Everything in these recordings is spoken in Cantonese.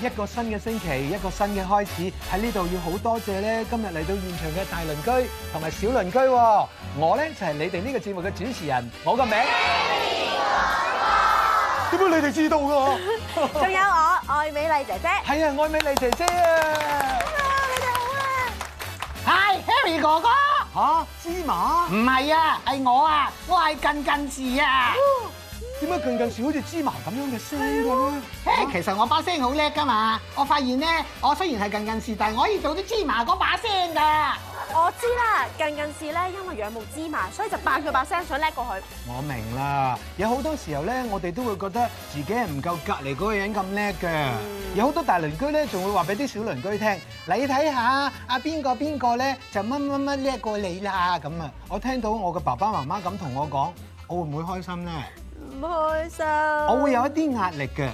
一個新嘅星期，一個新嘅開始，喺呢度要好多謝咧，今日嚟到現場嘅大鄰居同埋小鄰居我呢。我咧就係、是、你哋呢個節目嘅主持人，我個名，Harry 哥哥點解你哋知道㗎？仲有我愛美麗姐姐。係啊，愛美麗姐姐啊。你哋好啊。Hi，Harry 哥哥。啊！芝麻？唔係啊，係我啊，我係近近士啊。點解近近士好似像芝麻咁樣嘅聲嘅咧？係啊、其實我把聲好叻㗎嘛，我發現咧，我雖然係近近士，但係我可以做啲芝麻嗰把聲㗎。我知啦，近近次咧，因為仰慕芝麻，所以就扮佢把聲想叻過佢。我明啦，有好多時候咧，我哋都會覺得自己係唔夠隔離嗰個人咁叻嘅。有好多大鄰居咧，仲會話俾啲小鄰居聽：你睇下阿邊個邊個咧，就乜乜乜叻過你啦咁啊！我聽到我嘅爸爸媽媽咁同我講，我會唔會開心咧？唔開心，我會有一啲壓力嘅，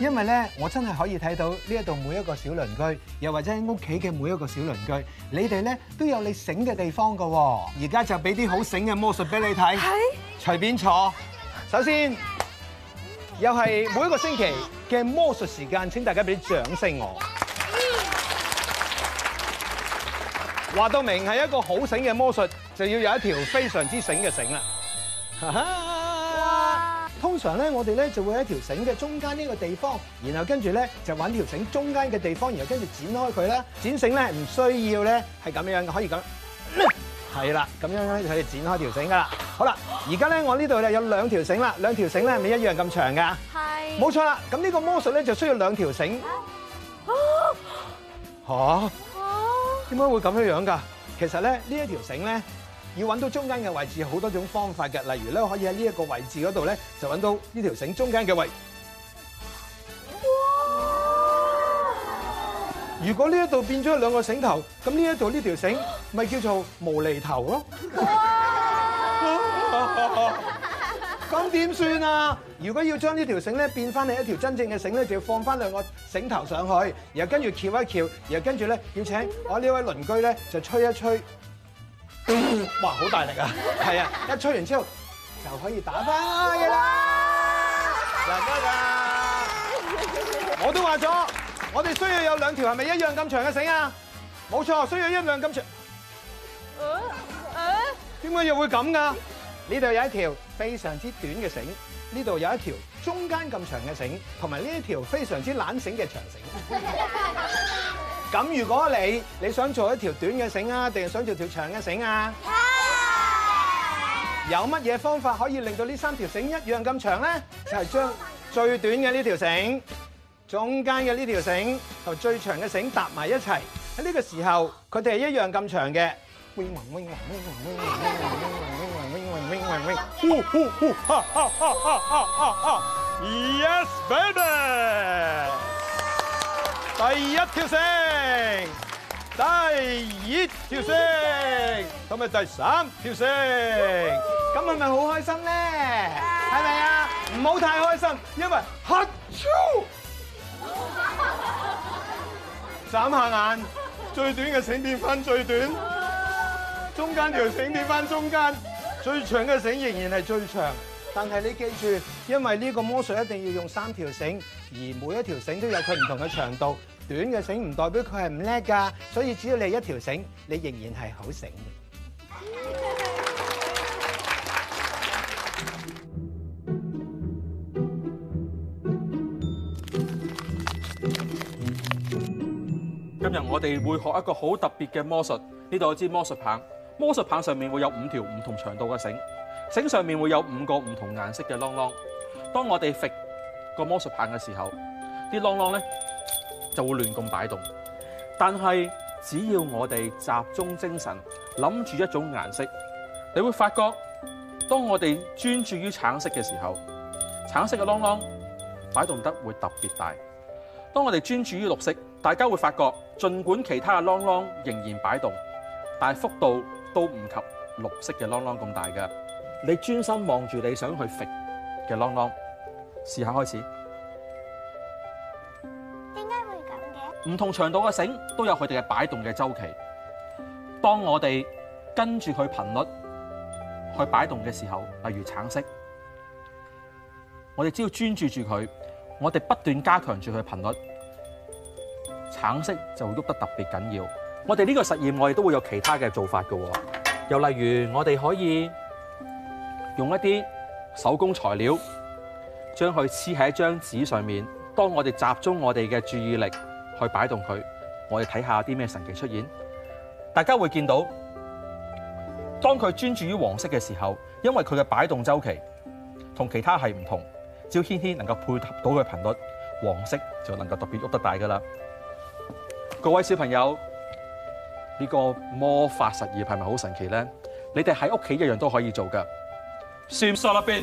因為咧，我真係可以睇到呢一度每一個小鄰居，又或者屋企嘅每一個小鄰居，你哋咧都有你醒嘅地方嘅喎。而家就俾啲好醒嘅魔術俾你睇，隨便坐。首先，又係每一個星期嘅魔術時間，請大家俾啲掌聲我。話到明係一個好醒嘅魔術，就要有一條非常之醒嘅繩啦。通常咧，我哋咧就會喺條繩嘅中間呢個地方，然後跟住咧就搵條繩中間嘅地方，然後跟住剪開佢啦。剪繩咧唔需要咧，係咁樣嘅可以咁，係啦，咁樣咧就可以剪開條繩噶啦。好啦，而家咧我呢度咧有兩條繩啦，兩條繩咧係咪一樣咁長㗎？係是。冇錯啦，咁呢個魔術咧就需要兩條繩。嚇？點解會咁樣樣㗎？其實咧呢一條繩咧。要揾到中間嘅位置，好多種方法嘅。例如咧，可以喺呢一個位置嗰度咧，就揾到呢條繩中間嘅位。如果呢一度變咗兩個繩頭，咁呢一度呢條繩咪叫做無厘頭咯。咁點算啊？如果要將呢條繩咧變翻係一條真正嘅繩咧，就要放翻兩個繩頭上去，然後跟住翹一翹，然後跟住咧要請我呢位鄰居咧就吹一吹。哇，好大力啊！係啊，一吹完之後就可以打翻啦！得唔得噶？我都話咗，我哋需要有兩條係咪一樣咁長嘅繩啊？冇錯，需要一樣咁長。嗯？點解又會咁噶？呢度有一條非常之短嘅繩，呢度有一條中間咁長嘅繩，同埋呢一條非常之懶繩嘅長繩。咁如果你你想做一條短嘅繩啊，定係想做條長嘅繩啊？有乜嘢方法可以令到呢三條繩一樣咁長咧？就係將最短嘅呢條繩、中間嘅呢條繩同最長嘅繩搭埋一齊。喺呢個時候，佢哋係一樣咁長嘅。第一條繩，第二條繩，咁咪第三條繩。咁係咪好開心咧？係咪啊？唔好太開心，因為 cut two。眨下眼，最短嘅繩變翻最短，中間條繩變翻中間，最長嘅繩仍然係最長。但係你記住，因為呢個魔術一定要用三條繩，而每一條繩都有佢唔同嘅長度。短嘅繩唔代表佢係唔叻噶，所以只要你係一條繩，你仍然係好繩嘅。今日我哋會學一個好特別嘅魔術，呢度有支魔術棒，魔術棒上面會有五條唔同長度嘅繩，繩上面會有五個唔同顏色嘅啷啷。當我哋揈個魔術棒嘅時候，啲啷啷呢？就會亂咁擺動，但係只要我哋集中精神，諗住一種顏色，你會發覺，當我哋專注於橙色嘅時候，橙色嘅啷啷擺動得會特別大。當我哋專注於綠色，大家會發覺，盡管其他嘅啷啷仍然擺動，但係幅度都唔及綠色嘅啷啷咁大㗎。你專心望住你想去揈嘅啷啷，試下開始。唔同長度嘅繩都有佢哋嘅擺動嘅周期。當我哋跟住佢頻率去擺動嘅時候，例如橙色，我哋只要專注住佢，我哋不斷加強住佢頻率，橙色就會喐得特別緊要。我哋呢個實驗，我哋都會有其他嘅做法㗎。又例如，我哋可以用一啲手工材料將佢黐喺一張紙上面。當我哋集中我哋嘅注意力，去擺動佢，我哋睇下啲咩神奇出現。大家會見到，當佢專注於黃色嘅時候，因為佢嘅擺動周期同其他係唔同，只要軒軒能夠配合到佢頻率，黃色就能夠特別喐得大噶啦。各位小朋友，呢、呢個魔法實驗係咪好神奇咧！你哋喺屋企一樣都可以做噶。算 h i m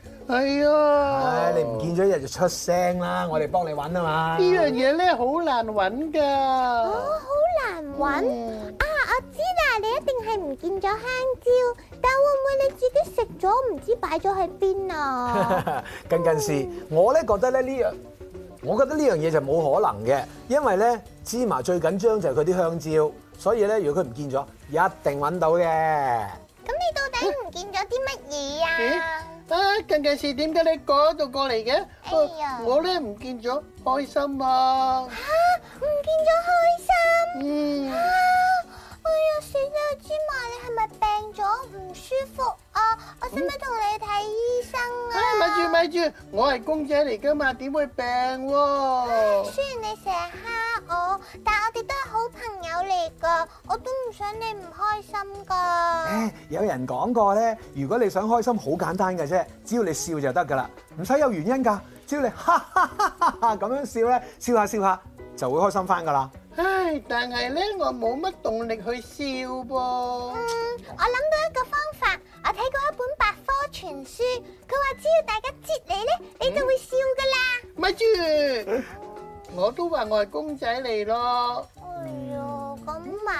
係啊！你唔見咗一日就出聲啦，我哋幫你揾啊嘛！呢樣嘢咧好難揾㗎，哦，好難揾啊！我知啦，你一定係唔見咗香蕉，但會唔會你自己食咗唔知擺咗喺邊啊？近近是，我咧覺得咧呢樣，我覺得呢樣嘢就冇可能嘅，因為咧芝麻最緊張就係佢啲香蕉，所以咧如果佢唔見咗，一定揾到嘅，嗯。咁你到底唔見咗啲乜嘢啊？嗯近近事點解你嗰度過嚟嘅？哎、呀我咧唔見咗，開心啊！嚇，唔見咗開心？嚇、嗯啊！哎呀，小芝麻，你係咪病咗唔舒服啊？我使唔使同你睇醫生啊？咪住，咪住，我係公仔嚟㗎嘛，點會病喎、啊哎？雖然你成日蝦我，但我嚟噶，我都唔想你唔開心噶。有人講過咧，如果你想開心，好簡單噶啫，只要你笑就得噶啦，唔使有原因噶，只要你哈哈哈哈哈咁樣笑咧，笑下笑下就會開心翻噶啦。唉，但係咧，我冇乜動力去笑噃。嗯，我諗到一個方法，我睇過一本百科全書，佢話只要大家接你咧，你就會笑噶啦。嗯，咪住，我都話我係公仔嚟咯。我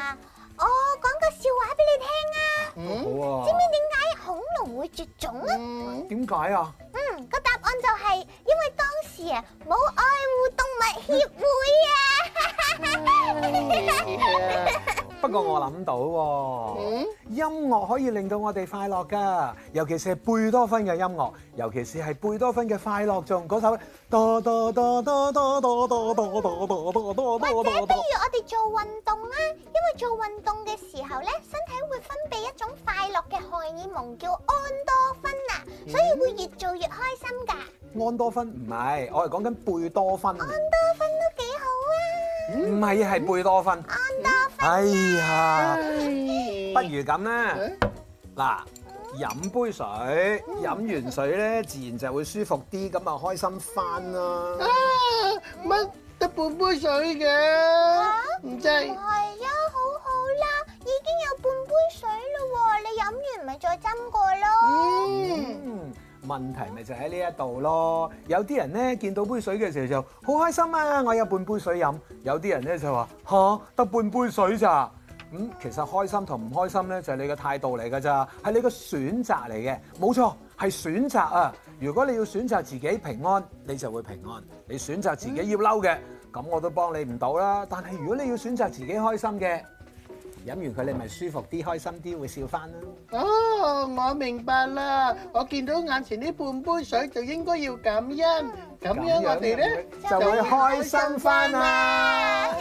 講個笑話俾你聽啊，嗯、知唔知點解恐龍會絕種啊？點解啊？嗯，個、嗯、答案就係因為當時啊冇愛護動物協會啊。個我諗到喎，音樂可以令到我哋快樂噶，尤其是係貝多芬嘅音樂，尤其是係貝多芬嘅快樂頌仲嗰首。或者不如我哋做運動啦，因為做運動嘅時候咧，身體會分泌一種快樂嘅荷爾蒙叫安多芬啊，所以會越做越開心㗎。安多芬唔係，我係講緊貝多芬。安多芬都幾好啊！唔係啊，係貝多芬。哎呀，不如咁啦，嗱，飲杯水，飲完水咧，自然就會舒服啲，咁啊開心翻啦。乜得半杯水嘅？唔制、啊。係啊不吃，好好啦，已經有半杯水啦，你飲完咪再斟過咯。問題咪就喺呢一度咯。有啲人呢，見到杯水嘅時候就好開心啊！我有半杯水飲。啊、有啲人呢就話嚇得半杯水咋。其實開心同唔開心呢，就係你嘅態度嚟㗎咋，係你嘅選擇嚟嘅，冇錯係選擇啊！如果你要選擇自己平安，你就會平安；你選擇自己要嬲嘅，咁我都幫你唔到啦。但係如果你要選擇自己開心嘅，飲完佢你咪舒服啲、開心啲，會笑翻啦！哦，oh, 我明白啦！我見到眼前呢半杯水就應該要感恩。咁樣我哋咧就會開心翻啦！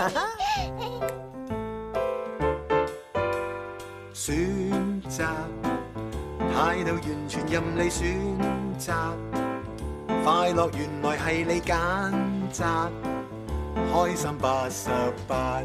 選擇態度完全任你選擇，快樂原來係你揀擇，開心八十八。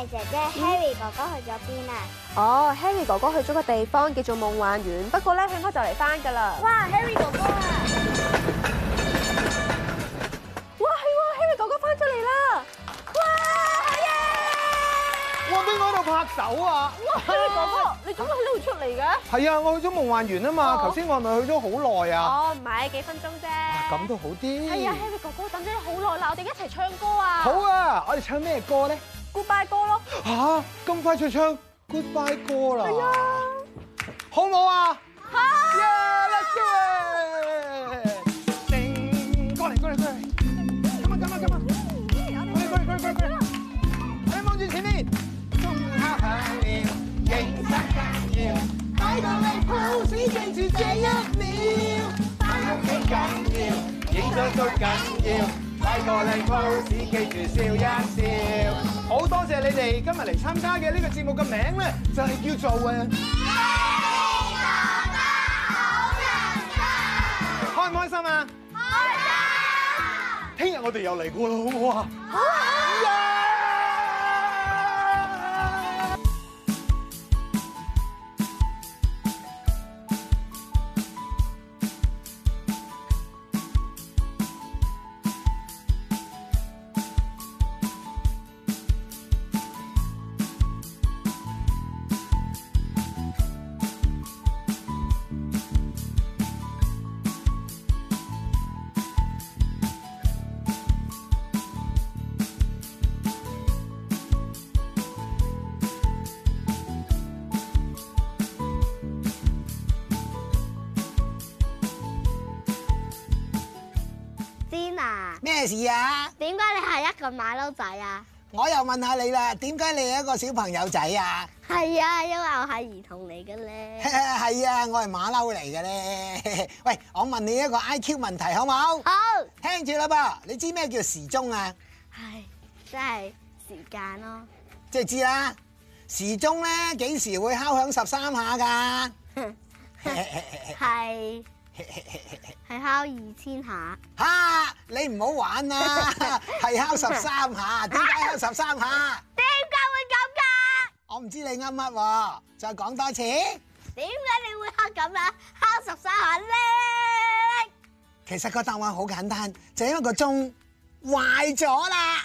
是姐姐 Harry 哥哥去咗邊啊？哦，oh，Harry 哥哥去咗個地方叫做夢幻園，不過咧佢應該就嚟翻噶啦。哇，Harry 哥哥！啊！哇係喎，Harry 哥哥翻咗嚟啦！哇！好啊！我俾我度拍手啊！Harry 哥哥，你點解溜出嚟嘅？係啊，我去咗夢幻園啊嘛，頭先我咪去咗好耐啊。哦，oh，唔係幾分鐘啫。咁都好啲。哎呀，Harry 哥哥等咗你好耐啦，我哋一齊唱歌啊！好啊，我哋唱咩歌咧？Goodbye 歌咯，吓，咁快就唱 Goodbye 歌啦，好唔好啊？吓耶 let's go，過嚟過嚟過嚟，come on come on come on 過嚟過嚟過嚟過嚟，望住前面。鐘聲響了，影相緊要，擺個靚 pose 記住這一秒，拍得緊緊要，影相都緊要，擺個靚 pose 記住笑一笑。今日嚟參加嘅呢個節目嘅名咧，就係叫做誒。 開唔開心啊？開心的！聽日我哋又嚟過啦，好唔好啊？好。咩事啊？點解你係一個馬騮仔啊？我又問下你啦，點解你係一個小朋友仔啊？係啊，因為我係兒童嚟嘅咧。係啊，我係馬騮嚟嘅咧。喂，我問你一個 IQ 問題好唔好？好。聽住啦噃，你知咩叫時鐘啊？係，即係時間咯。即係知啦，時鐘咧幾時會敲響十三下噶？係。係敲二千下，吓，你唔好玩啊！係敲十三下。點解敲十三下？點解會咁噶？我唔知你啱乜，再講多次。點解你會敲咁啊？敲十三下咧，其實個答案好簡單，就因為個鐘壞咗啦。